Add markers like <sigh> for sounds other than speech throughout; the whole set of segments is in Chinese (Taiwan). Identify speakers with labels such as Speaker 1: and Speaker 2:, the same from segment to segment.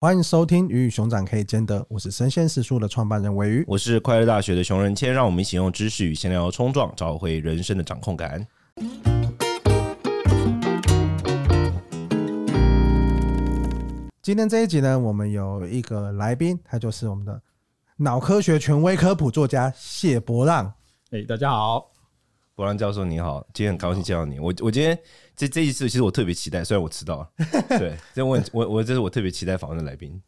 Speaker 1: 歡迎收聽《魚與熊掌可以兼得》，我是生鮮時書的創辦人鮪魚，
Speaker 2: 我是快樂大學的熊仁謙，讓我們一起用知識與閒聊衝撞，找回人生的掌控感。
Speaker 1: 今天這一集呢，我們有一個來賓，他就是我們的腦科學權威科普作家謝伯讓。
Speaker 2: 哎，大家好。伯讓教授你好，今天很高興見到你。我我今天這這一次其實我特別期待，雖然我遲到了。對，這我我我這是我特別期待訪問的來賓，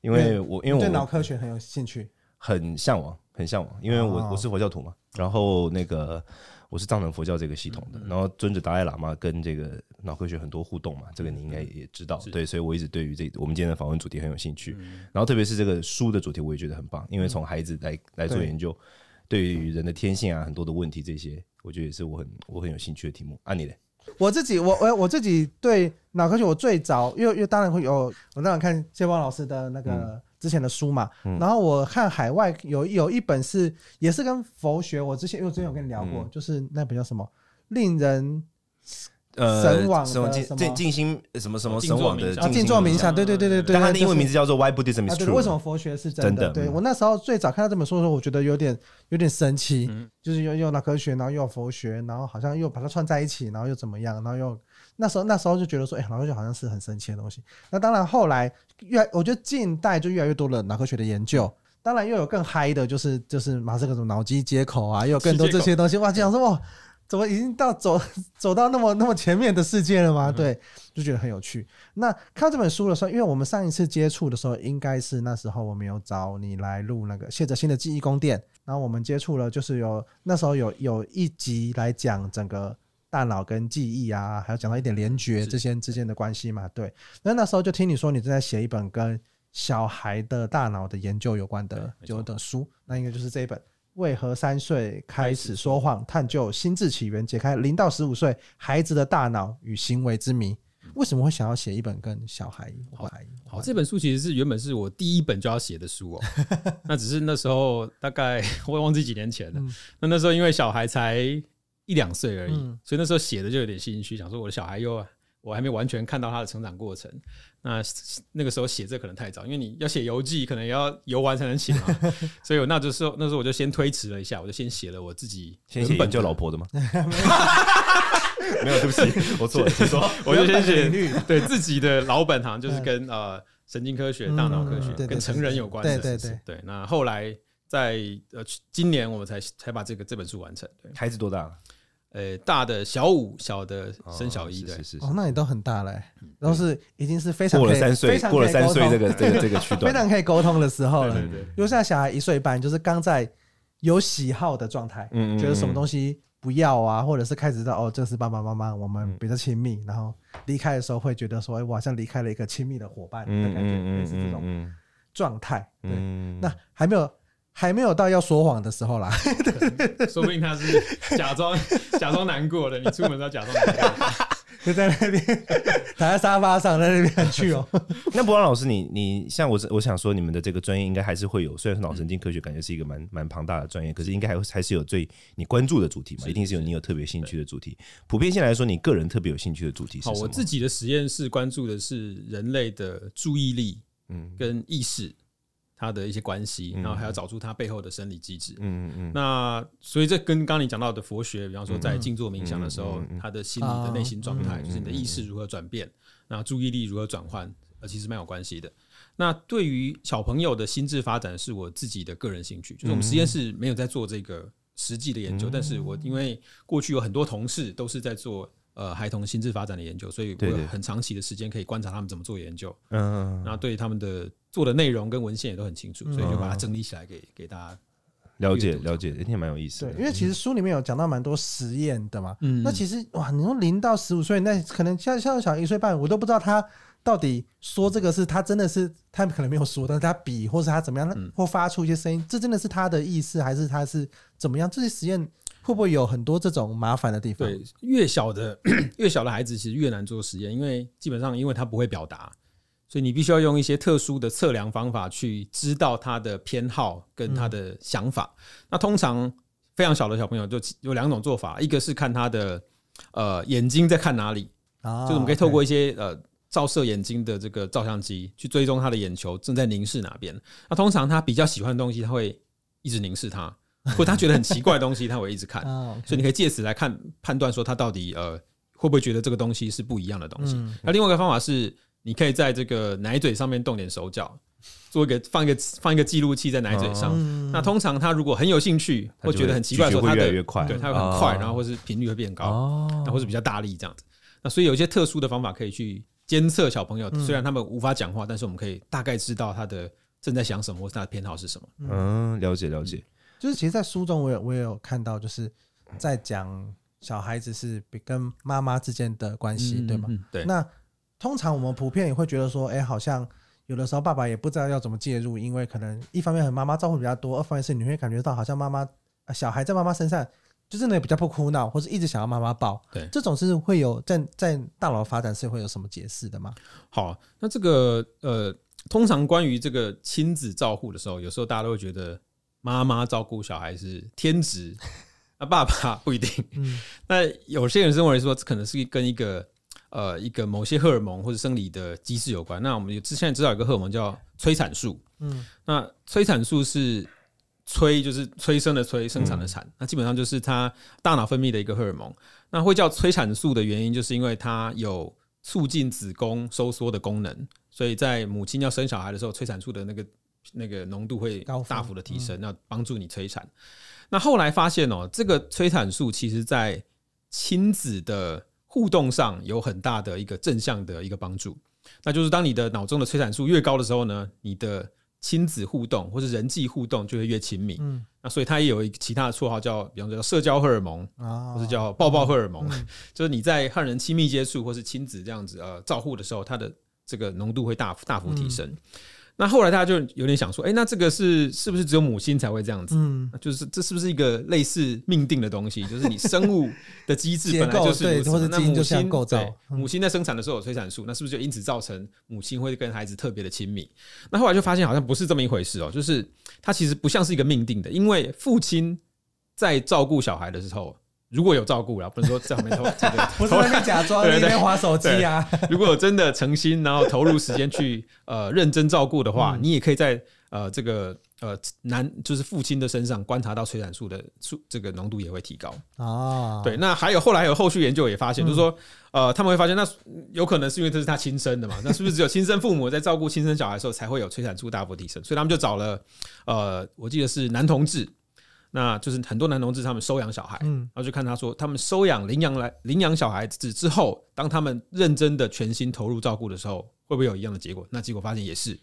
Speaker 2: 因為我因為我對腦科
Speaker 1: 學很有興趣，
Speaker 2: 很向往，很向往。因為我我是佛教徒嘛，然後那個我是藏傳佛教這個系統的，然後尊者達賴喇嘛跟這個腦科學很多互動嘛，這個你應該也知道。對，所以我一直對於這我們今天的訪問主題很有興趣。然後特別是這個書的主題，我也覺得很棒，因為從孩子來來做研究。對於人的天性啊，很多的問題，這些我覺得也是我很我很有興趣的題目。按、啊、你嘞，
Speaker 1: 我自己我我我自己對腦科學，我最早因為因為當然會有，我當然看謝伯讓老師的那個之前的書嘛。嗯、然後我看海外有有一本是也是跟佛學，我之前因為我之前有跟你聊過，嗯、就是那本叫什麼《令人》。
Speaker 2: 呃，神往的靜靜、啊、心什麼什麼神往的靜坐冥想，對對對對對,對,對,對,對、啊。但它的英文名字叫做 Why Buddhism is True。為什麼佛
Speaker 1: 學是真的？對我那時候最早看到這本書的時候，我覺得有點有點神奇，嗯、就是又又腦科學，然後又佛學，然後好像又把它串在一起，然後又怎麼樣，然後又那時候那時候就覺得說，哎、欸，腦科學好像是很神奇的東西。那當然後來越來我覺得近代就越來越多了腦科學的研究，當然又有更嗨的就是就是馬斯克的腦機接口啊，又有更多這些東西哇，這樣說,說，哇。怎麼已經到走走到那麼那麼前面的世界了嗎？嗯、對，就覺得很有趣。那看這本書的時候，因為我們上一次接觸的時候，應該是那時候我們有找你來錄那個謝哲新的記憶宮殿，然後我們接觸了，就是有那時候有有一集來講整個大腦跟記憶啊，還有講到一點聯覺這些之間的關係嘛。是對，那對那時候就聽你說你正在寫一本跟小孩的大腦的研究有關的對有的書，錯那應該就是這一本。為何三歲開始說謊？探究心智起源，解開零到十五歲孩子的大腦與行為之謎。為什麼會想要寫一本跟小孩？好
Speaker 3: 好，這本書其實是原本是我第一本就要寫的書哦、喔。 <laughs> 那只是那時候大概我也忘記幾年前了。 <laughs> 嗯、那那時候因為小孩才一兩歲而已，嗯、所以那時候寫的就有點心虛，想說我的小孩又我還沒完全看到他的成長過程，那那個時候寫這可能太早，因為你要寫遊記，可能也要遊玩才能寫嘛、啊，所以我那只、就是那時候我就先推遲了一下，我就先寫了我自己本。本就老婆的嗎？
Speaker 2: 沒有，對不起，我錯了。 <laughs> 說、哦，我就先寫對自己的老本行，就是跟、嗯、呃
Speaker 3: 神經科學、大腦科學、嗯、跟成人有關的。對對對對，是是對，那後來在呃今年，我們才才把這個這本書完成。對，孩子多大了？呃，大的小五，小的生小一的，哦，
Speaker 1: 那你都很大了，都是已經是非常過了三歲，過了三歲這個這個這個區段，非常可以溝通的時候了。對對對。因為現在小孩一歲半，就是剛在有喜好的狀態，覺得什麼東西不要啊，或者是開始知道哦，這是爸爸媽媽，我們比較親密，然後離開的時候會覺得說，哎，我好像離開了一個親密的夥伴的感覺，類似這種狀態。對，那還沒有。還沒有到要說謊的時候啦，
Speaker 3: 說不定他是假裝 <laughs> 假裝難過的。你出門都要假
Speaker 2: 裝難過， <laughs> 就在那邊 <laughs> 躺在沙發上，在那邊去哦。 <laughs> 那伯讓老師你，你你像我，我想說，你們的這個專業應該還是會有，雖然腦神經科學感覺是一個蠻蠻龐大的專業，可是應該還還是有最你關注的主題嘛？是是一定是有你有特別興趣的主題。對 普遍性來說，你個人特別有興趣的主題是什麼？好，我自
Speaker 3: 己的實驗室關注的是人類的注意力，嗯，跟意識。嗯它的一些關係，然後還要找出它背後的生理機制。嗯嗯。那所以這跟剛剛你講到的佛學，比方說在靜坐冥想的時候，嗯嗯嗯嗯嗯、他的心理的內心狀態，嗯、就是你的意識如何轉變，那、嗯、注意力如何轉換，呃，其實蠻有關係的。那對於小朋友的心智發展，是我自己的個人興趣，就是我們實驗室沒有在做這個實際的研究，嗯、但是我因為過去有很多同事都是在做。呃，孩童心智發展的研究，所以我有很長期的時間可以觀察他們怎麼做研究。嗯，那對，對，對，然後對他們的做的內容跟文獻也都很清楚，所以就把它整理起來給給大家
Speaker 2: 了解、嗯啊、了解，也挺蠻有意思的。對，
Speaker 1: 因為其實書裡面有講到蠻多實驗的嘛。嗯，嗯，那其實哇，你說零到十五歲那可能像像小，小一歲半，我都不知道他到底說這個是他真的是他可能沒有說的，但是他比或是他怎麼樣，或發出一些聲音，嗯嗯這真的是他的意思還是他是怎麼樣？這些實驗。會不會有很多這種麻煩的地方？對，
Speaker 3: 越小的 <coughs> 越小的孩子，其實越難做實驗，因為基本上因為他不會表達，所以你必須要用一些特殊的測量方法去知道他的偏好跟他的想法。嗯、那通常非常小的小朋友就有兩種做法，一個是看他的呃眼睛在看哪裡，哦、就是我們可以透過一些 okay 呃照射眼睛的這個照相機去追蹤他的眼球正在凝視哪邊。那通常他比較喜歡的東西，他會一直凝視他。或他覺得很奇怪的東西，他會一直看、 <laughs> 哦，okay 所以你可以借此來看判斷說他到底呃會不會覺得這個東西是不一樣的東西。嗯、那另外一個方法是，你可以在這個奶嘴上面動點手腳，做一個放一個放一個記錄器在奶嘴上。嗯、那通常他如果很有興趣或覺得很奇怪，他就會，會越來越快，他嗯、對他會很快，哦、然後或是頻率會變高，那、哦、或是比較大力這樣子。那所以有一些特殊的方法可以去監測小朋友，嗯、雖然他們無法講話，但是我們可以大概知道他的正在想什麼或他的偏好是什麼。嗯，嗯，了解了解。就是其實，在書中
Speaker 1: 我也，我也有看到，就是在講小孩子是比跟媽媽之間的關係，對嗎？嗯嗯嗯。對。那通常我們普遍也會覺得說，哎、欸，好像有的時候爸爸也不知道要怎麼介入，因為可能一方面和媽媽照顧比較多，二方面是你會感覺到好像媽媽小孩在媽媽身上，就是那比較不哭鬧，或者一直想要媽媽抱。對，這種是會有在在大腦發展是會有什麼解釋的嗎？
Speaker 3: 好，那這個呃，通常關於這個親子照護的時候，有時候大家都會覺得。媽媽照顧小孩是天職，那、啊、爸爸不一定。那、 <laughs> 嗯、有些人認為說，這可能是跟一個呃一個某些荷爾蒙或者生理的機制有關。那我們之前知道有個荷爾蒙叫催產素，嗯，那催產素是催，就是催生的催，生產的產。嗯、那基本上就是它大腦分泌的一個荷爾蒙。那會叫催產素的原因，就是因為它有促進子宮收縮的功能，所以在母親要生小孩的時候，催產素的那個。那個濃度會大幅的提升，那幫分助你催產。嗯、那後來發現哦、喔，這個催產素其實在親子的互動上有很大的一個正向的一個幫助。那就是當你的腦中的催產素越高的時候呢，你的親子互動或是人際互動就會越親密。嗯，那所以它也有一個其他的綽號叫，比方說社交荷爾蒙，哦、或者叫抱抱荷爾蒙。嗯、 <laughs> 就是你在和人親密接觸或是親子這樣子呃照護的時候，它的這個濃度會大大幅提升。嗯那後來大家就有點想說，誒、欸，那這個是是不是只有母親才會這樣子？嗯、就是這是不是一個類似命定的東西？就是你生物的機制本來就是如此， <laughs> 對那母親對，對母親在生產的時候有催產素，嗯、那是不是就因此造成母親會跟孩子特別的親密？那後來就發現好像不是這麼一回事哦、喔，就是它其實不像是一個命定的，因為父親在照顧小孩的時候。如果有照顧了，不能說在旁邊偷， <laughs> 不是在那邊
Speaker 1: 假裝對對那邊劃手機啊。
Speaker 3: 如果有真的誠心，然後投入時間去 <laughs> 呃認真照顧的話，嗯、你也可以在呃這個呃男就是父親的身上觀察到催產素的素這個濃度也會提高
Speaker 1: 啊。哦、對，
Speaker 3: 那還有後來有後續研究也發現，就是說、嗯、呃他們會發現那有可能是因為這是他親生的嘛？那是不是只有親生父母在照顧親生小孩的時候才會有催產素大幅提升？所以他們就找了呃我記得是男同志。那就是很多男同志他們收養小孩，然後就看他說，他們收養、領養來領養小孩子之後，當他們認真的、全心投入照顧的時候，會不會有一樣的結果？那結果發現也是，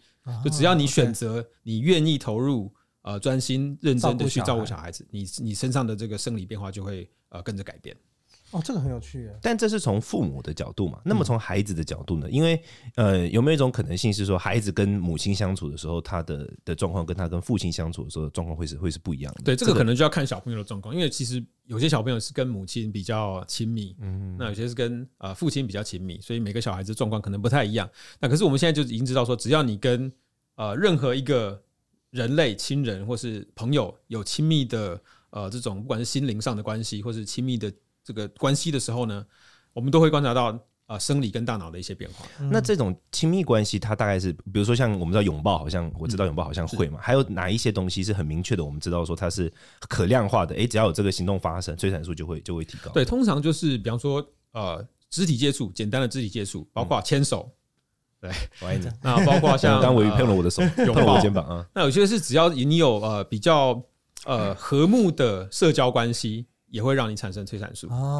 Speaker 3: 就只要你選擇，你願意投入，呃，專心認真的去照顧小孩子，你你身上的這個生理變化就會呃跟着改變。
Speaker 1: 哦，這個很有趣，
Speaker 3: 但這是從父母
Speaker 2: 的角度嘛？那麼從孩子的角度呢？因為呃，有沒有一種可能性是說，孩子跟母親相處的時候，他的的狀況跟他跟父親相處的時候狀況會是會是不一樣的？對，這個可能
Speaker 3: 就要看小朋友的狀況，因為其實有些小朋友是跟母親比較親密，嗯，那有些是跟啊父親比較親密，所以每個小孩子狀況可能不太一樣。那可是我們現在就已經知道說，只要你跟呃任何一個人類親人或是朋友有親密的呃這種，不管是心靈上的關係或是親密的。這個關係的時候呢，我們都會觀察到啊、呃，生理跟大腦的一些變化、嗯。
Speaker 2: 那這種親密關係，它大概是比如說像我們知道擁抱，好像我知道擁抱好像會嘛，嗯、是還有哪一些東西是很明確的？我們知道說它是可量化的。哎，只要有這個行動發生，催產素就會就會提
Speaker 3: 高。對，通常就是比方說呃，肢體接觸，簡單的肢體接觸，包括牽手，對，我愛你。那包括像單維碰了我的手，碰我肩膀啊。那有些是只要你有呃比較呃和睦的社交關係。也會讓你產生催產素啊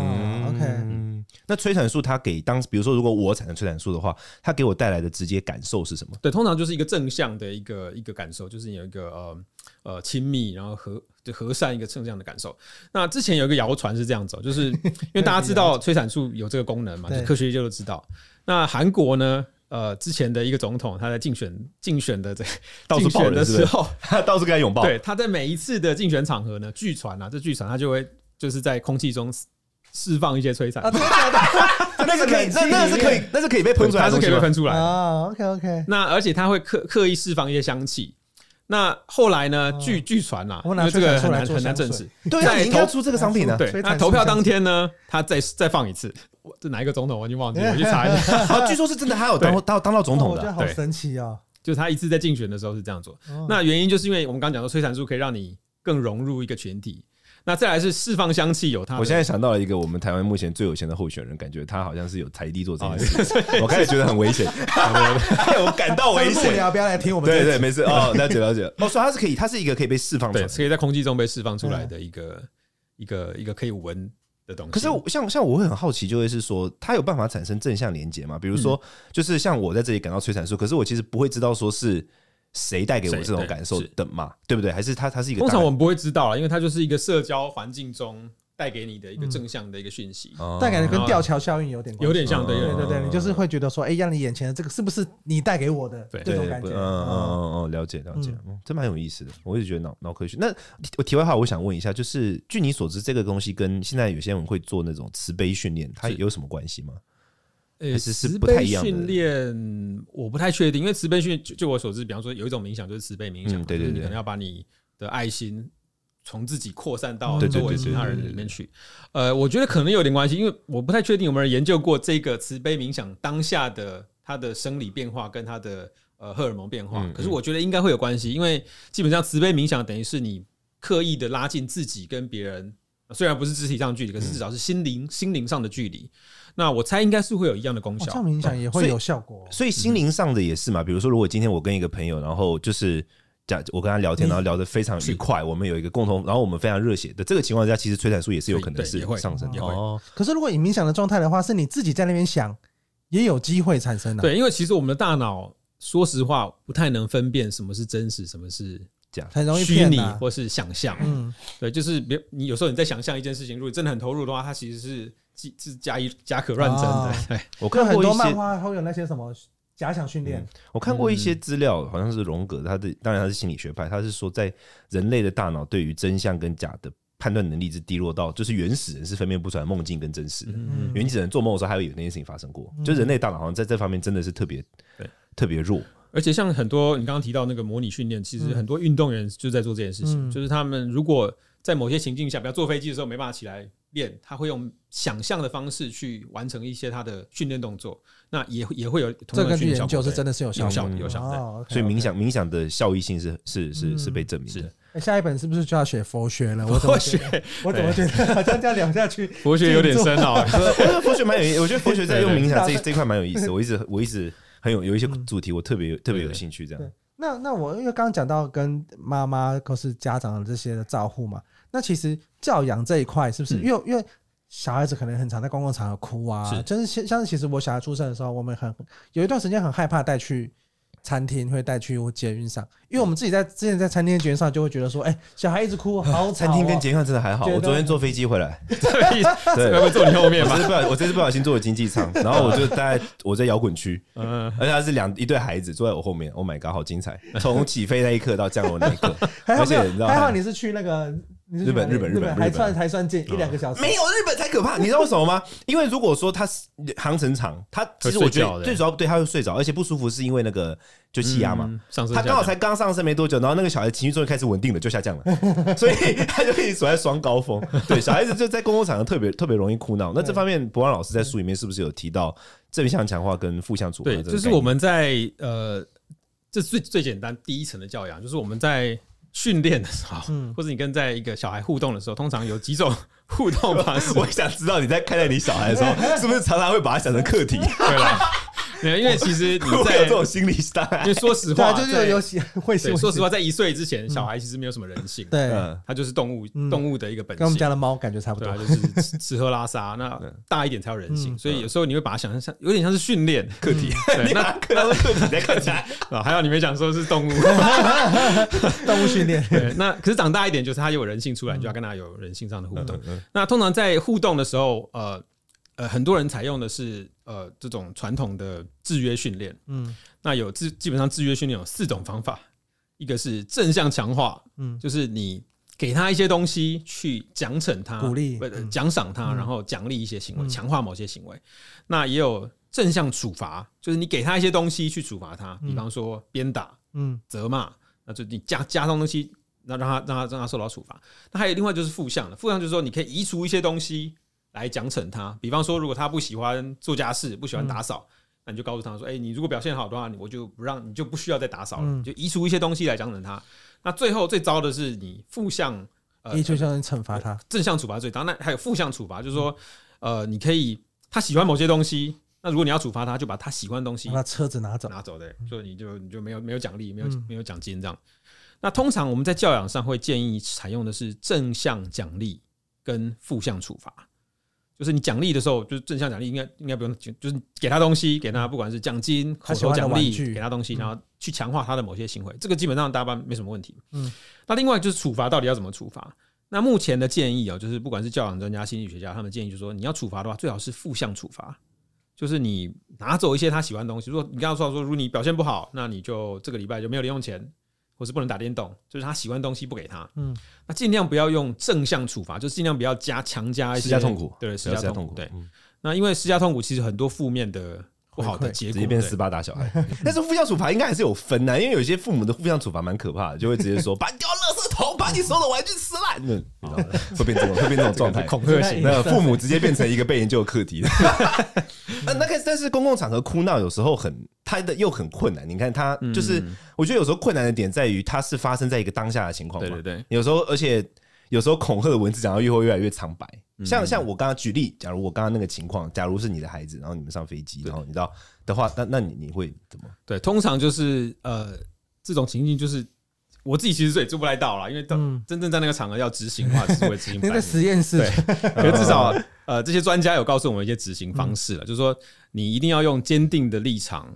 Speaker 3: ，OK，
Speaker 2: 嗯，那催產素它給當時，比如說如果我產生催產素的話，它給我帶來的直接感受是什麼？
Speaker 3: 對，通常就是一個正向的一個一個感受，就是你有一個呃呃親密，然後和就和善一個正向的感受。那之前有一個謠傳是這樣子，就是因為大家知道催產素有這個功能嘛， <laughs> 對就科學家都知道。對那韓國呢，呃，之前的一個總統他在競選競選的這競選的時候，到是是是
Speaker 2: 他到處跟他擁抱，對，
Speaker 3: 他在每一次的競選場合呢，據傳啊，這據傳他就會。就是在空氣中釋放一些催產素，
Speaker 2: 那是可以，那那是可以，那是可以被噴出來，它是可以被噴出來啊。OK OK。
Speaker 3: 那而且他會刻刻意釋放一些香氣。那後來呢？據據傳吶，這個很難很難證實。對，在投出這個商品的對，那投票當天呢，他再再放一次。這哪一個總統我已經忘記了，我去查一下。據說是真的，他有當他當到總統的，對，好神奇啊！就是他一次在競選的時候是這樣做。那原因就是因為我們剛剛講說，催產素可以讓你更融入一個群體。那再來是釋放香氣，有它。我現在想
Speaker 2: 到了一個我們台灣目前最有錢的候選人，感覺他好像是有台地做這件事的，我開始覺得很危險。
Speaker 3: 有我感到危險啊！ <laughs> 不要來聽我們。對，對對，沒事，那了解了解。所以他是可以，他是一個可以被釋放，是可以在空氣中被釋放出來的一個的一個、嗯、一個一個可以聞的東
Speaker 2: 西。可是像像我會很好奇，就會是說他有辦法產生正向連結嘛。比如說，嗯、就是像我在這裡感到催產素，可是我其實不會知道說是。誰帶給我這種感受的嘛？對不對？還是他他是一個？通常我們
Speaker 3: 不會知道了，因為它就是一個社交環境中帶給你的一個正向的一個訊息，但感覺跟吊橋效應有點有點像。對對對對，你就是
Speaker 1: 會覺得說，哎，讓你眼前的這個是不是你帶給我的這種感
Speaker 2: 覺？哦哦，了解了解，真蠻有意思的。我一直覺得腦腦科學。那我題外話，我想問一下，就是據你所知，這個東西跟現在有些人會做那種慈悲訓練，它有什麼關係嗎？誒，慈悲訓
Speaker 3: 練我不太確定，因為慈悲訓就就我所知，比方說有一種冥想，就是慈悲冥想，嗯、對對對，就是你可能要把你的愛心從自己擴散到周圍其他人裡面去。呃，我覺得可能有點關係，因為我不太確定我們有沒有人研究過這個慈悲冥想當下的它的生理變化跟它的呃荷爾蒙變化。嗯嗯、可是我覺得應該會有關係，因為基本上慈悲冥想等於是你刻意的拉近自己跟別人。雖然不是肢體上的距離，可是至少是心靈、嗯、心靈上的距離。那我猜應該是會有一樣的功效。哦，這樣冥想也會有
Speaker 2: 效果，哦，所以、所以心靈上的也是嘛。嗯，比如說，如果今天我跟一個朋友，然後就是講我跟他聊天，然後聊得非常愉快，我們有一個共同，然後我們非常熱血的這個情況下，其實催產素也是有可能是會上升的。對對
Speaker 1: 對。哦，可是如果你冥想的狀態的話，是你自己在那邊想，也有機會產生的啊。
Speaker 3: 對，因為其實我們的大腦說實話不太能分辨什麼是真實，什麼是。這樣很容易騙你、啊擬，或是想象。嗯，對，就是比如你有時候你在想象一件事情，如果真的很投入的話，它其實是是假以假可亂真的。哦、對，
Speaker 2: 我看
Speaker 1: 過一些很多漫畫，它會有那些什麼假想訓練、嗯。
Speaker 2: 我看過一些資料，好像是榮格，他的當然他是心理學派，他是說在人類的大腦對於真相跟假的判斷能力是低落到，就是原始人是分辨不出來夢境跟真實的。嗯、嗯，原始人做夢的時候還會有那件事情發生過，就人類大腦好像在這方面真的是特別對、嗯、特別弱。
Speaker 3: 而且像很多你剛剛提到那個模擬訓練，其實很多運動員就在做這件事情。嗯、就是他們如果在某些情境下，比如坐飛機的時候沒辦法起來練，他會用想象的方式去完成一些他的訓練動作。那也也會有同樣的這個研究，就是真的是有效有效
Speaker 2: 的，所以冥想冥想的效益性是是是是被證明的、嗯
Speaker 1: 是欸。下一本是不是就要寫佛學了？我怎麼覺得？我怎麼覺得這樣聊下去佛學有點深奧、啊。 <laughs> 我覺得佛學蠻有意思。我覺得佛學在用冥想這對對對這塊蠻有意思。我一直
Speaker 2: 我一直。很有有一些主題，我特別有、嗯、特別有興趣。這樣，
Speaker 1: 那那我因為剛剛講到跟媽媽或是家長的這些的照顧嘛，那其實教養這一塊是不是？因為、嗯、因為小孩子可能很常在公共場合哭啊，是就是像像其實我小孩出生的時候，我們很有一段時間很害怕帶去。餐廳會帶去我
Speaker 2: 捷運上，
Speaker 1: 因為我們自己在之前在餐廳捷運上就會覺得說，哎、欸，小孩一直哭，好吵、喔。餐廳跟捷運上真的還好。覺得 我昨天
Speaker 2: 坐飛機回來，對，對， <laughs> 坐你後面嗎？我這次不小心坐了經濟艙，然後我就在我在搖滾區，嗯， <laughs> 而且他是兩一對孩子坐在我後面，Oh my god，好精彩！從起飛那一刻到降落那一刻，而且你知道，還好你
Speaker 1: 是去那個。日本，日本，日本，日本還算，還算近、嗯、一兩個小時。沒有日本
Speaker 2: 才可怕，你知道為什麼嗎？ <laughs> 因為如果說他是航程長，他其實我覺得最主要對他會睡着，而且不舒服是因為那個就氣壓嘛，他剛、嗯、好才剛上升沒多久，然後那個小孩情緒終於開始穩定了，就下降了， <laughs> 所以他就可以處在雙高峰。 <laughs> 對，小孩子就在公共場合特別 <laughs> 特別容易哭鬧。那這方面，伯讓老師在書裡面是不是有提到正向強化跟負向處罰？對，就是我們
Speaker 3: 在呃，這最最簡單第一層的教養，就是我們在。訓練的時候，嗯，或者你跟在一個小孩互動的時候，通常有幾種互動方式。我想知道你在看待你小孩的時候， <laughs> 是不是常常會把它想成課題， <laughs> 對吧？對，因為其實你有這種心理時代，就說實話，就是有喜會喜。說實話，在一歲之前，小孩其實沒有什麼人性。嗯，對，他就是動物，動物的一個本性。跟我們家的貓感覺差不多對，啊，就是吃喝拉撒。那大一點才有人性。嗯嗯，所以有時候你會把他想象像有點像是訓練課題。嗯，對那課題在課題啊。 <laughs> 還有你沒講說是動物，嗯， <laughs> 動物訓訓練。對那可是長大一點，就是他有人性出來，你就要跟他有人性上的互動。嗯嗯嗯，那通常在互動的時候，呃。呃，很多人採用的是呃這種傳統的制約訓練，嗯，那有制基本上制約訓練有四種方法，一個是正向強化，嗯，就是你給他一些東西去獎懲他、鼓勵、獎賞、呃嗯、他，然後獎勵一些行為，嗯、強化某些行為。那也有正向處罰，就是你給他一些東西去處罰他，比方說鞭打，嗯，責罵，那就你加加上東西，那讓他讓他讓他受到處罰。那還有另外就是負向的，負向就是說你可以移除一些東西。來獎懲他，比方說，如果他不喜歡做家事，不喜歡打掃，嗯、那你就告訴他說：“哎、欸，你如果表現好的話，我就不讓你就不需要再打掃了，嗯、就移除一些東西來獎懲他。”那最後最糟的是你負向，呃、移除相當於懲罰他，正向處罰最大。當然還有負向處罰，就是說，嗯、呃，你可以他喜歡某些東西，那如果你要處罰他，就把他喜歡的東西把、啊、車子拿走，拿走對，所以你就你就沒有沒有獎勵，沒有沒有獎、嗯、金這樣。那通常我們在教養上會建議採用的是正向獎勵跟負向處罰。就是你獎勵的時候，就是正向獎勵，應該應該不用，就是給他東西，給他不管是獎金、口頭獎勵，他他給他東西，嗯、然後去強化他的某些行為。嗯、這個基本上大家沒什麼問題。嗯，那另外就是處罰到底要怎麼處罰？那目前的建議啊、喔，就是不管是教養專家、心理學家，他們建議就是說，你要處罰的話，最好是負向處罰，就是你拿走一些他喜歡的東西。如果你剛剛說到說，如果你表現不好，那你就這個禮拜就沒有零用錢。我是不能打電動，就是他喜歡東西不給他。嗯，那盡量不要用正向處罰，就是盡量不要加強加一些施加痛苦，對，施加痛苦。對，那因為施加痛苦其實很多負面的不好的結果，直接變成十八打小孩。但是負向處
Speaker 2: 罰應該還是有分的，因為有些父母的負向處罰蠻可怕的，就會直接說把你丟垃圾桶，把你所有的玩具撕爛，你知道嗎？會變這種？會變這種狀態，恐嚇型。那父母直接變成一個被研究的課題。啊，那個但是公共場合哭鬧有時候很。他的又很困難，你看他就是，我覺得有時候困難的點在於，它是發生在一個當下的情況嘛。對對對，有時候，而且有時候恐嚇的文字講到越會越來越蒼白。像像我剛剛舉例，假如我剛剛那個情況，假如是你的孩子，然後你們上
Speaker 3: 飛機，然後你知道的話，那那你你會怎麼？對，通常就是呃，這種情境就是我自己其實也做不來到了，因為等真正在那個場合要執行的話只是行，只會執行。那個實驗室。對，可是至少 <laughs> 呃，這些專家有告訴我們一些執行方式了，就是說你一定要用堅定的立場。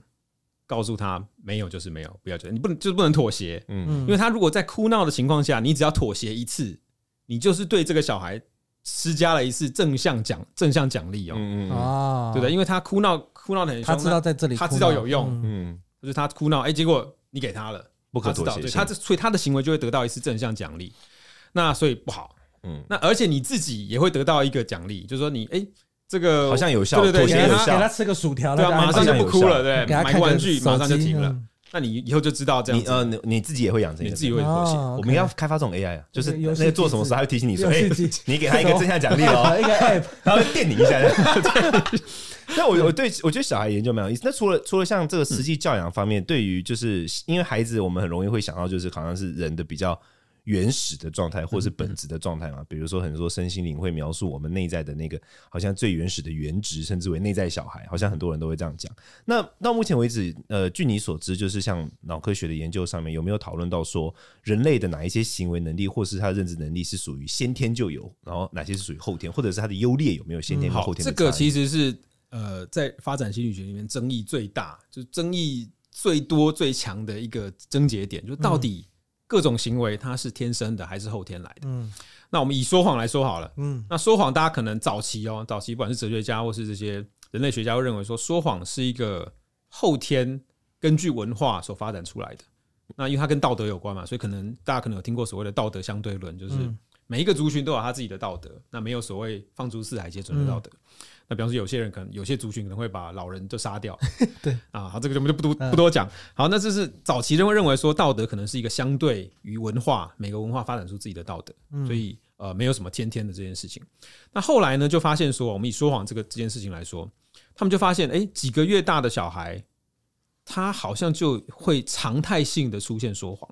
Speaker 3: 告訴他沒有就是沒有，不要覺得你不能就是不能妥協，嗯，因為他如果在哭鬧的情況下，你只要妥協一次，你就是對這個小孩施加了一次正向獎正向獎勵哦，嗯嗯啊、對不對？因為他哭鬧哭鬧得很凶，他知道在這裡他知道有用，嗯，就是他哭鬧，誒、欸，結果你給他了，不可妥協，他知道、對，他所以他的行為就會得到一次正向獎勵，那所以不好，嗯，那而且你自己也會得到一個獎勵，就是說你誒。欸這個好像有效，對對，給他給他吃個薯條了，馬上就不哭了，對，買個玩具馬上就停了。那你以後就知道這樣，
Speaker 2: 呃，你你自己也會養成，你自己會妥協。我們要開發這種 AI 啊，就是那個做什麼時候，他會提醒你說，哎，你給他一個正向獎勵哦，一個 App，然後電你一下。那我我對我覺得小孩研究蠻有意思。那除了除了像這個實際教養方面，對於就是因為孩子，我們很容易會想到就是好像是人的比較。原始的狀態，或是本質的狀態嘛？嗯嗯、比如說，很多身心靈會描述我們內在的那個，好像最原始的原質，甚至為內在小孩，好像很多人都會這樣講。那到目前為止，呃，據你所知，就是像腦科學的研究上面，有沒有討論到說，人類的哪一些行為能力，或是他的認知能力，是屬於先天就有，然後哪些是屬於後天，或者是他的優劣有沒有先天和後天的、嗯？這個其
Speaker 3: 實是呃，在發展心理學裡面爭議最大，就爭議最多、最強的一個症結點，就到底、嗯。各種行為，它是天生的還是後天來的？嗯，那我們以說謊來說好了。嗯，那說謊，大家可能早期哦、喔，早期不管是哲學家或是這些人類學家，會認為說說謊是一個後天根據文化所發展出來的。那因為它跟道德有關嘛，所以可能大家可能有聽過所謂的道德相對論，就是每一個族群都有他自己的道德，那沒有所謂放諸四海皆準的道德。嗯嗯那比方說，有些人可能有些族群可能會把老人就殺掉 <laughs> 對，對啊，好，這個我們就不多不多講。嗯、好，那這是早期認為認為說道德可能是一個相對於文化，每個文化發展出自己的道德，嗯、所以呃，沒有什麼天天的這件事情。那後來呢，就發現說，我們以說謊這個這件事情來說，他們就發現，哎，幾個月大的小孩，他好像就會常態性的出現說謊。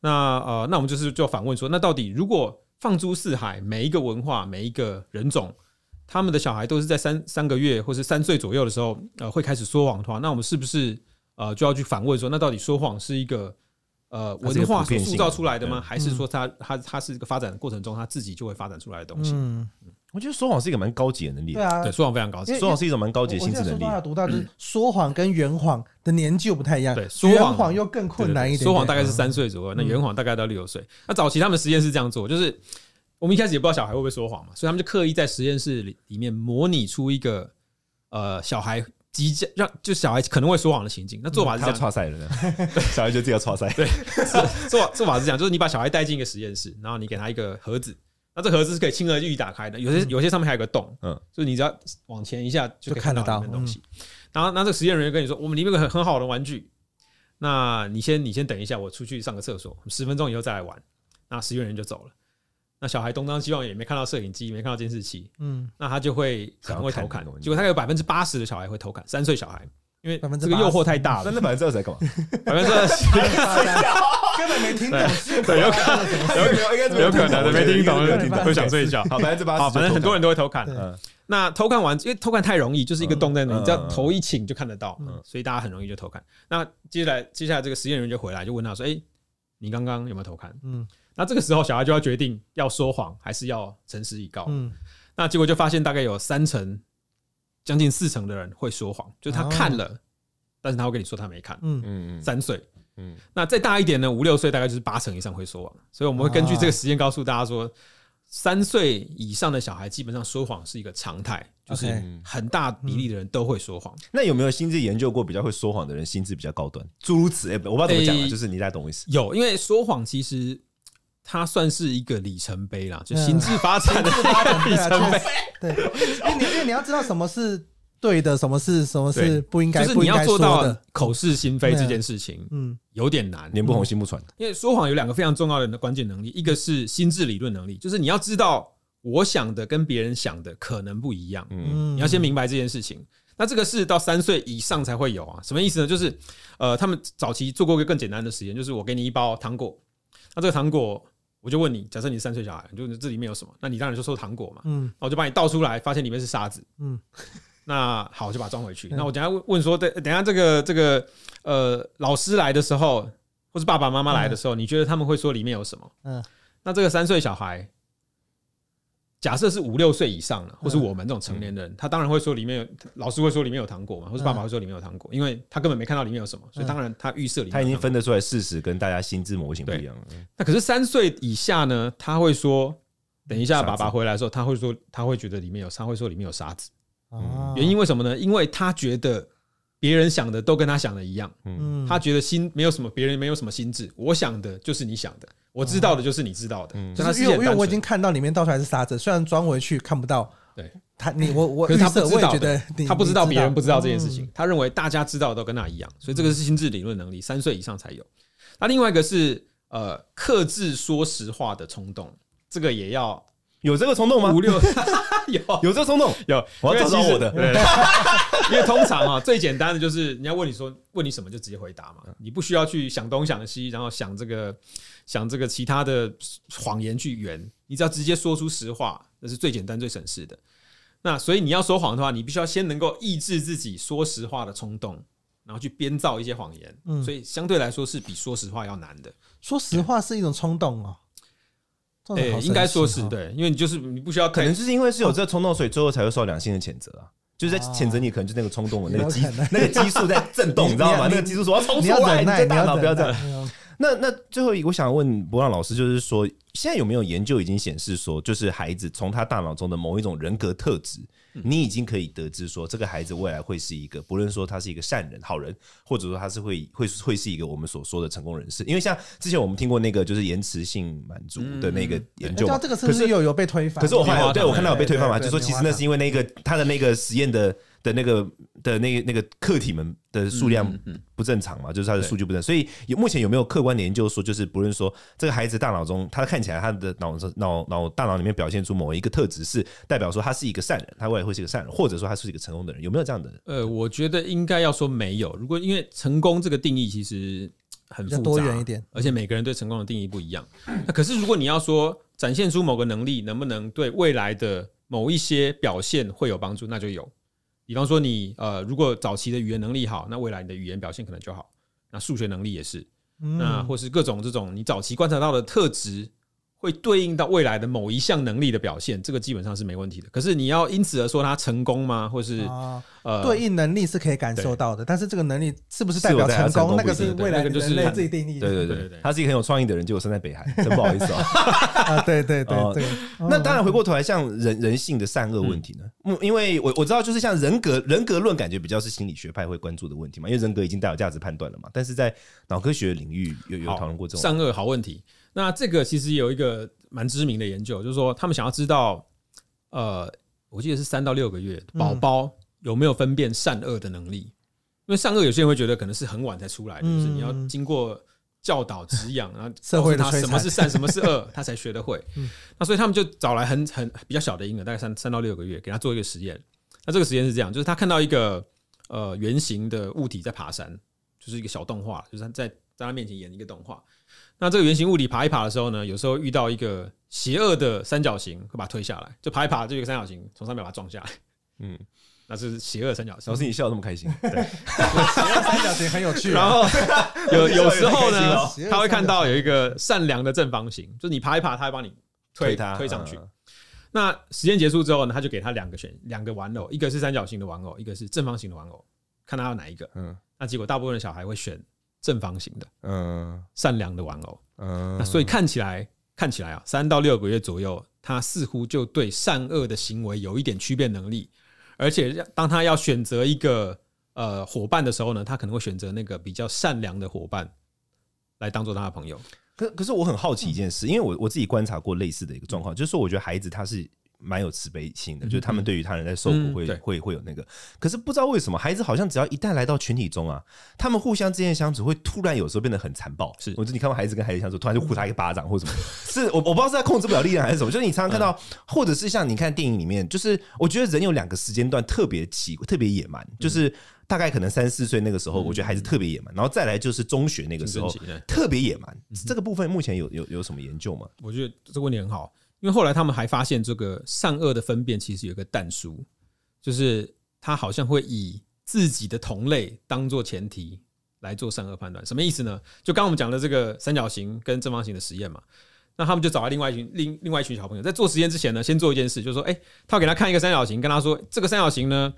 Speaker 3: 那呃，那我們就是就反問說，那到底如果放諸四海，每一個文化，每一個人種，他們的小孩都是在三三個月或是三歲左右的時候，呃，會開始說謊的話，那我們是不是呃就要去反問說，那到底說謊是一個呃文化所塑造出來的嗎？它是一個普遍性的還是說他、嗯、他他是一個發展的過程中他自己就會發展出來的東西？
Speaker 2: 嗯，我覺得說謊是一個蠻高級的能力，對啊，對說謊非常高級，因為說謊是一種蠻高級的心智的能力。
Speaker 1: 說謊跟圓謊的年紀又不太一樣，嗯、對，圓謊又更困難一點。對對對說謊大概是
Speaker 3: 三歲左右，嗯、那圓謊大概到六歲。嗯、那早期他們實驗是這樣做，就是。我們一開始也不知道小孩會不會說謊嘛，所以他們就刻意在實驗室裡裡面模擬出一個呃小孩即將讓就小孩可能會說謊的情境。那做法是這樣、嗯，對， <laughs> 小孩就叫挫賽。對，做做法，做法是這樣，就是你把小孩帶進一個實驗室，然後你給他一個盒子，那這盒子是可以輕而易舉打開的，有些有些上面還有個洞，嗯，就是你只要往前一下就可以看到裡面東西。然後，那這個實驗人員跟你說：“我們裡面有個很，很好的玩具，那你先你先等一下，我出去上個廁所，十分鐘以後再來玩。”那實驗人員就走了。那小孩東張西望，也沒看到攝影機，沒看到監視器。嗯，那他就會可能會偷看。結果他有百分之八十的小孩會偷看，三歲小孩，因為這個誘惑太大了。百分之二十幹嘛？百分之二十根本沒聽懂。有可能有沒有？應該沒聽懂，沒聽懂，就想睡覺。好，百分之八十，反正很多人都會偷看。嗯，那偷看完，因為偷看太容易，就是一個洞在那裡，只要頭一傾就看得到。嗯，所以大家很容易就偷看。那接下來，接下來這個實驗人員就回來，就問他說：“誒，你剛剛有沒有偷看？”嗯。那這個時候，小孩就要決定要說謊還是要誠實以告。嗯，那結果就發現，大概有三成、將近四成的人會說謊，就是他看了，哦、但是他會跟你說他沒看。嗯嗯嗯，三歲，嗯，那再大一點呢，五六歲，大概就是八成以上會說謊。所以我們會根據這個時間告訴大家說，三歲、啊、以上的小孩基本上說謊是一個常態，就是很大比例的人都會說謊。
Speaker 2: 嗯、那有沒有心智研究過比較會說謊的人，心智比較高端？諸如此、欸，我不知道怎麼講了、啊，欸、就是你大概懂意思。
Speaker 3: 有，因為說謊其實。它算是一個里程碑啦，就心智發展的里程碑 yeah。對，欸、因為你要知道什麼是對的，什麼是什麼是不應該。就是你要做到的口是心非這件事情，啊、嗯，有點難。臉不紅心不喘。嗯、因為說謊有兩個非常重要的關鍵能力，一個是心智理論能力，就是你要知道我想的跟別人想的可能不一樣。嗯，你要先明白這件事情。那這個是到三歲以上才會有啊？什麼意思呢？就是呃，他們早期做過一個更簡單的實驗，就是我給你一包糖果，那這個糖果。我就問你，假設你三歲小孩，就問你就這裡面有什麼？那你當然就收糖果嘛。嗯，我就把你倒出來，發現裡面是沙子。嗯，那好，我就把它裝回去。嗯、那我等一下問問說，等等下這個這個呃，老師來的時候，或是爸爸媽媽來的時候，嗯、你覺得他們會說裡面有什麼？嗯，那這個三歲小孩。假設是五六歲以上了，或是我們這種成年人，嗯嗯、他當然會說裡面有，老師會說裡面有糖果嘛，或是爸爸會說裡面有糖果，因為他根本沒看到裡面有什麼，所以當然他預設裡面有、嗯。他已經分得出來事實跟大家心智模型不一樣了。那對、嗯、可是三歲以下呢？他會說，等一下爸爸回來的時候，他會說，他會覺得裡面有沙，他會說裡面有沙子。嗯哦、原因為什麼呢？因為他覺得別人想的都跟他想的一樣，嗯，他覺得心沒有什麼，別人沒有什麼心智，我想的就是你想的。我知道的就是你知道的，就是因為因為我已
Speaker 1: 經看到裡面倒出來是沙子，雖然裝回去看不到。對他，你我我，我你，可是他不知道的，他不知道別人不知道這件事情，
Speaker 3: 嗯、他認為大家知道的都跟他一樣，嗯、所以這個是心智理論能力，三歲以上才有。嗯、那另外一個是呃，克制說實話的衝動，這個也要。有這個衝動嗎？五六有 <laughs> 有，有這衝動有， <laughs> 我要找到我的。 <laughs> 因為通常啊，最簡單的就是人家問你說問你什麼就直接回答嘛，你不需要去想東想西，然後想這個想這個其他的謊言去圓，你只要直接說出實話，那是最簡單最省事的。那所以你要說謊的話，你必須要先能夠抑制自己說實話的衝動，然後去編造一些謊言。所以相對來說是比說實話要難的。嗯、
Speaker 1: 對 說實話是一種衝動哦、喔。
Speaker 3: 對、欸，應該說是對，因為你就是你不需要，可能就是因為是有
Speaker 2: 這個衝動，所以最後才會受到良心的譴責啊！哦、就是在譴責你，可能就那個衝動的那個激 <laughs> 那個激素在震動，你知道嗎？那個激素說要衝出來，你，要你大腦不要這樣。那那最後我想問伯讓老師，就是說現在有沒有研究已經顯示說，就是孩子從他大腦中的某一種人格特質，你已經可以得知說，這個孩子未來會是一個，不論說他是一個善人、好人，或者說他是會會會是一個我們所說的成功人士。因為像之前我們聽過那個，就是延遲性滿足的那個研究，可是有有被推翻。可是我後來，對我看到有被推翻嘛？就是說其實那是因為那個他的那個實驗的。的那個的那個那個客體們的數量不正常嘛？就是他的數據不正，所以有目前有沒有客觀的研究說，就是不論說這個孩子大腦中他看起來他的腦子、腦腦大腦裡面表現出某一個特質，是代表說他是一個善人，他未來會是一個善人，或者說他是一個成功的人？有沒有這樣的人？
Speaker 3: 呃，我覺得應該要說沒有。如果因為成功這個定義其實很複雜一點，而且每個人對成功的定義不一樣。那可是如果你要說展現出某個能力，能不能對未來的某一些表現會有幫助，那就有。比方說你呃，如果早期的語言能力好，那未來你的語言表現可能就好。那數學能力也是，嗯、那或是各種這種你早期觀察到的特質。會對應到未來的某一項能力的表現，這個基本上是沒問題的。可是你要因此而說他成功嗎？或是對應能力是可以感受
Speaker 1: 到的，但是這個能力是不是代表成功？那個是未來人類自己定
Speaker 3: 義的。
Speaker 2: 對對對，他是一個很有創意的人，結果生在北海，真不好意思啊。
Speaker 1: 對對對對，
Speaker 2: 那當然回過頭來，像人人性的善惡問題呢？嗯，因為我我知道，就是像人格人格論，感覺比較是心理學派會關注的問題嘛，因為人格已經帶有價值判斷了嘛。但是在腦科學領域有
Speaker 3: 有討論過這種善惡好問題。那這個其實有一個蠻知名的研究，就是說他們想要知道，呃，我記得是三到六個月寶寶有沒有分辨善惡的能力。嗯、因為善惡有些人會覺得可能是很晚才出來的，嗯、就是你要經過教導、滋養，然後教會他什麼是善，什麼是惡，他才學得會。嗯、那所以他們就找來很很比較小的嬰兒，大概三三到六個月，給他做一個實驗。那這個實驗是這樣，就是他看到一個呃圓形的物體在爬山，就是一個小動畫，就是在在他面前演一個動畫。那這個圓形物體爬一爬的時候呢，有時候遇到一個邪惡的三角形，會把它推下來。就爬一爬，就一個三角形從上面把它撞下來。嗯，那是邪惡三角。老師，你笑得那麼開心，對，邪惡三角形很有趣。然後有有時候呢，他會看到有一個善良的正方形，就是你爬一爬，他會幫你推他推上去。那時間結束之後呢，他就給他兩個選兩個玩偶，一個是三角形的玩偶，一個是正方形的玩偶，看他要哪一個。嗯，那結果大部分的小孩會選。正方形的，嗯，善良的玩偶，嗯，所以看起來，看起來啊，三到六個月左右，他似乎就對善惡的行為有一點區別能力，而且當他要選擇一個呃夥伴的時候呢，他可能會選擇那個比較善良的夥伴來當做他的朋友。
Speaker 2: 可是可是我很好奇一件事，嗯，因為我我自己觀察過類似的一個狀況，就是我覺得孩子他是。蠻有慈悲心的，就是他們對於他人在受苦會會會有那個，可是不知道為什麼孩子好像只要一旦來到群體中啊，他們互相之間的相處會突然有時候變得很殘暴。是，我說你看到孩子跟孩子相處，突然就呼他一巴掌或者什麼，是我我不知道是在控制不了力量還是什麼，就是你常常看到，或者是像你看電影裡面，就是我覺得人有兩個時間段特別奇特別野蠻，就是大概可能三四歲那個時候，我覺得孩子特別野蠻，然後再來就是中學那個時候特別野
Speaker 3: 蠻。這個部分目前有有有什麼研究嗎？我覺得這個問題很好。因為後來他們還發現，這個善惡的分辨其實有個但書。就是他好像會以自己的同類當做前提來做善惡判斷。什麼意思呢？就剛我們講的這個三角形跟正方形的實驗嘛，那他們就找了另外一群另、另外一群小朋友，在做實驗之前呢，先做一件事，就是說，哎，他給他看一個三角形，跟他說，這個三角形呢，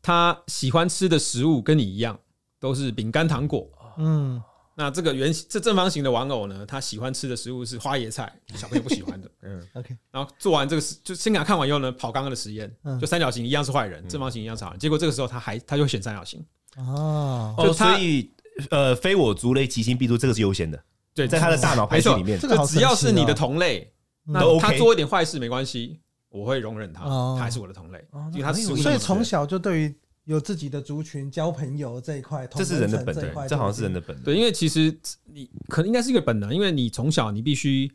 Speaker 3: 他喜歡吃的食物跟你一樣，都是餅乾糖果，嗯。那這個圓這正方形的玩偶呢，他喜歡吃的食物，是花椰菜，小朋友不喜歡的。嗯，OK。然後做完這個就先給他看完以後呢，跑剛剛的實驗，就三角形一樣是壞人，正方形一樣是好人。結果這個時候他還他就會選三角形。哦，就所
Speaker 2: 以呃，非我族類，其心必毒，這個是優先的。
Speaker 3: 對，在他的大腦排序裡面，這個只要是你的同類，那他做一點壞事沒關係，我會容忍他，他還是我的同類，因為他是屬於所以從
Speaker 1: 小就對於。有自己的族群交朋友這一塊，這，這是人的本能。對，這好像是人的本
Speaker 3: 能。對，因為其實你可能應該是一個本能，因為你從小你必須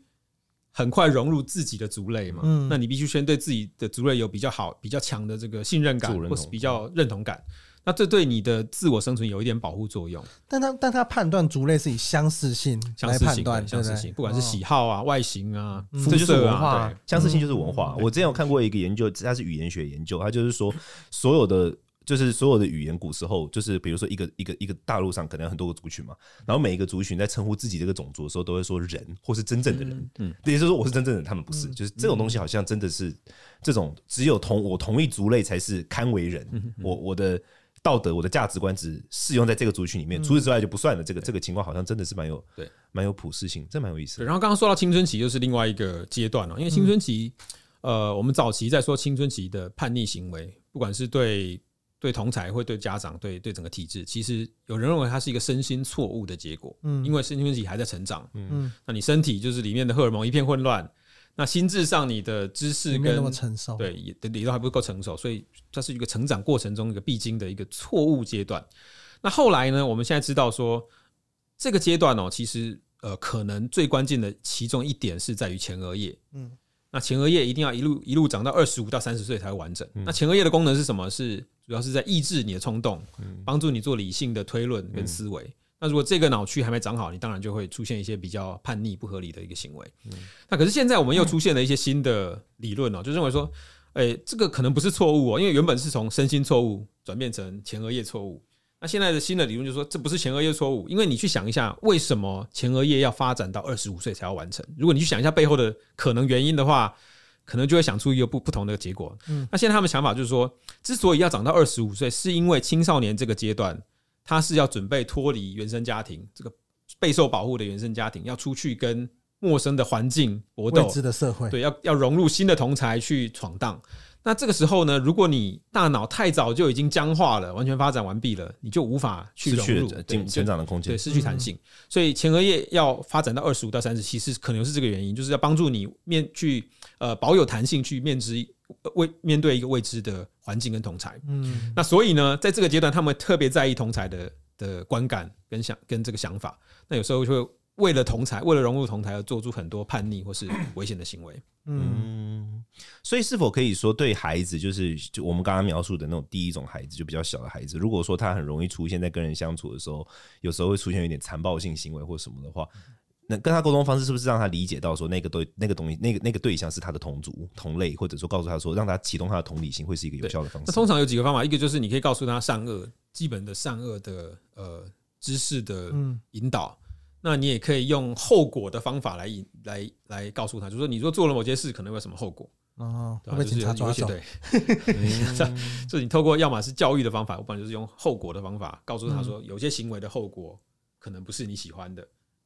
Speaker 3: 很快融入自己的族類嘛。嗯，那你必須先對自己的族類有比較好、比較強的這個信任感，或是比較認同感。那這對你的自我生存有一點保護作用。
Speaker 1: 但他但他判斷族類是以相似性來判斷相似性、相似性，不管
Speaker 3: 是喜好啊、外形啊，嗯、這就是文化。相似性就是文化。嗯、
Speaker 2: 我之前有看過一個研究，它是語言學研究，它就是說所有的。就是所有的語言，古時候就是比如說一個一個一個大陸上可能有很多個族群嘛，然後每一個族群在稱呼自己這個種族的時候，都會說人或是真正的人，嗯，也就是說我是真正的，他們不是，就是這種東西好像真的是這種只有同我同一族類才是堪為人，我我的道德我的價值觀只適用在這個族群裡面，除此之外就不算了。這個這個情況好像真的是蠻有對，蠻有
Speaker 3: 普適性，這蠻有意思的。對，然後剛剛說到青春期，又是另外一個階段了，因為青春期，呃，我們早期在說青春期的叛逆行為，不管是對。對同儕會對家長對對整個體制，其實有人認為它是一個身心錯誤的結果，嗯，因為身心、身體還在成長，嗯，那你身體就是裡面的荷爾蒙一片混亂，那心智上你的知識跟那麼成熟對理頭還不夠成熟，所以它是一個成長過程中一個必經的一個錯誤階段。那後來呢，我們現在知道說這個階段哦，其實呃，可能最關鍵的其中一點是在於前額葉，嗯，那前額葉一定要一路一路長到二十五到三十歲才會完整。嗯，那前額葉的功能是什麼？是主要是在抑制你的衝動，幫助你做理性的推論跟思維。嗯、那如果這個腦區還沒長好，你當然就會出現一些比較叛逆、不合理的一個行為。嗯、那可是現在我們又出現了一些新的理論哦、喔，就認為說，誒、嗯欸，這個可能不是錯誤哦，因為原本是從身心錯誤轉變成前額葉錯誤。那現在的新的理論就是說，這不是前額葉錯誤，因為你去想一下，為什麼前額葉要發展到二十五歲才要完成？如果你去想一下背後的可能原因的話。可能就會想出一個不不同的結果。嗯，那現在他們想法就是說，之所以要長到二十五歲，是因為青少年這個階段，他是要準備脫離原生家庭這個備受保護的原生家庭，要出去跟陌生的環境搏鬥，未知的社會，對，要要融入新的同儕去闖蕩。那這個時候呢，如果你大腦太早就已經僵化了，完全發展完畢了，你就無法去融入，對，成長的空間，對，失去彈性。嗯、所以前額葉要發展到二十五到三十七，是可能是這個原因，就是要幫助你面去呃保有彈性，去面知未、呃、面對一個未知的環境跟同儕。嗯，那所以呢，在這個階段，他們特別在意同儕的的觀感跟想跟這個想法。那有時候就會。為了同儕，為了融入同儕，而做出很多叛逆或是危險的行為。嗯，
Speaker 2: 所以是否可以說，對孩子，就是就我們剛剛描述的那種第一種孩子，就比較小的孩子，如果說他很容易出現在跟人相處的時候，有時候會出現一點殘暴性行為或什麼的話，那跟他溝通方式是不是讓他理解到說那個對那個東西那個那個對象是他的同族同類，或者說告訴他說，讓他啟動他的同理心，會是一個有效的方
Speaker 3: 式？通常有幾個方法，一個就是你可以告訴他善惡基本的善惡的呃知識的引導。嗯那你也可以用後果的方法來來來告訴他，就是說，你說做了某些事，可能會有什麼後果哦，被、啊、警察抓走。就是你透過，要麼是教育的方法，不然就是用後果的方法，告訴他說，有些行為的後果可能不是你喜歡的，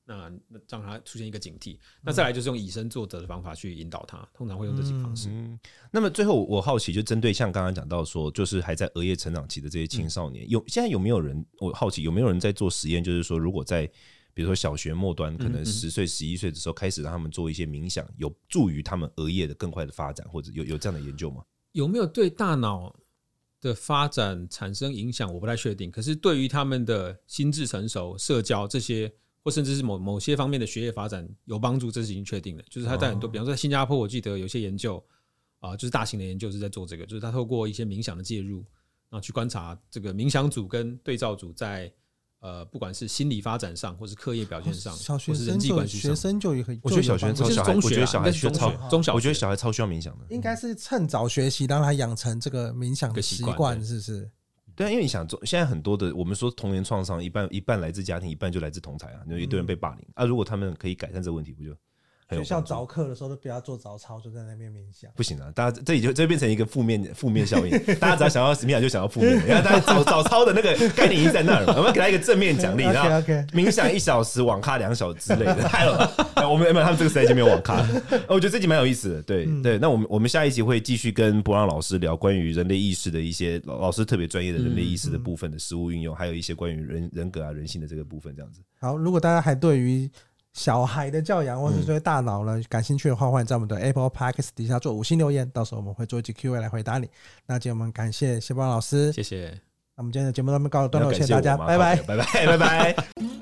Speaker 3: 嗯、那讓他出現一個警惕。嗯、那再來就是用以身作則的方法去引導他，通常會用這些方
Speaker 2: 式、嗯嗯。那麼最後，我好奇就針對像剛剛講到說，就是還在額葉成長期的這些青少年，嗯、有現在有沒有人？我好奇有沒有人在做實驗，就是說，如果在。比如說小學末端，可能十歲、十一歲的時候開始讓他們做一些冥想，有助於他們額葉的更快的發展，或者有
Speaker 3: 有這樣的研究嗎？嗯，有沒有對大腦的發展產生影響？我不太確定。可是對於他們的心智成熟、社交這些，或甚至是某某些方面的學業發展有幫助，這是已經確定的。就是他在很多，嗯，比方說在新加坡，我記得有些研究啊，呃，就是大型的研究是在做這個，就是他透過一些冥想的介入，然後去觀察這個冥想組跟對照組在。呃，不管是心理發展上，或是課業表現上，哦、小學生人際關係上、中學生就也很。有我覺得小學生、超覺得小孩、啊、我覺得小孩需要超，哦、我覺得小孩超需要冥想的。哦嗯、
Speaker 1: 應該是趁早學習，讓他養成這個冥想的習慣，是不是？
Speaker 2: 對，因為你想，現在很多的我們說童年創傷，一半一半來自家庭，一半就來自同儕啊。有一堆人被霸凌，嗯、啊，如果他們可以改善這個問題，不就？就像
Speaker 1: 早課的時候都不要做早操，就在那邊冥想。不行了，大
Speaker 2: 家這也就這變成一個負面負面效應。大家只要想要史密亞，就想要負面。然後大家早早操的那個概念已經在那兒了，我們給他一個正面獎勵，然後冥想一小時，網咖兩小時之類的。好了，我們沒有他們這個賽季沒有網咖。我覺得這集蠻有意思的。對對，那我們我們下一集會繼續跟伯讓老師聊關於人類意識的一些老老師特別專業的人類意識的部分的實務運用，還有一些關於人人格啊人性的這個部分。這樣子。
Speaker 1: 好，如果大家還對於。小孩的教養，或者是說大腦呢，嗯、感興趣的話歡迎在我們的 Apple Podcast 底下做五星留言，到時候我們會做一集 Q&A 來回答你。那今天我們感謝謝伯讓老師，謝謝。那我們今天的節目到這邊告一段落，感謝，謝謝大家，拜拜嗎，拜拜 bye，拜拜、okay。 <laughs>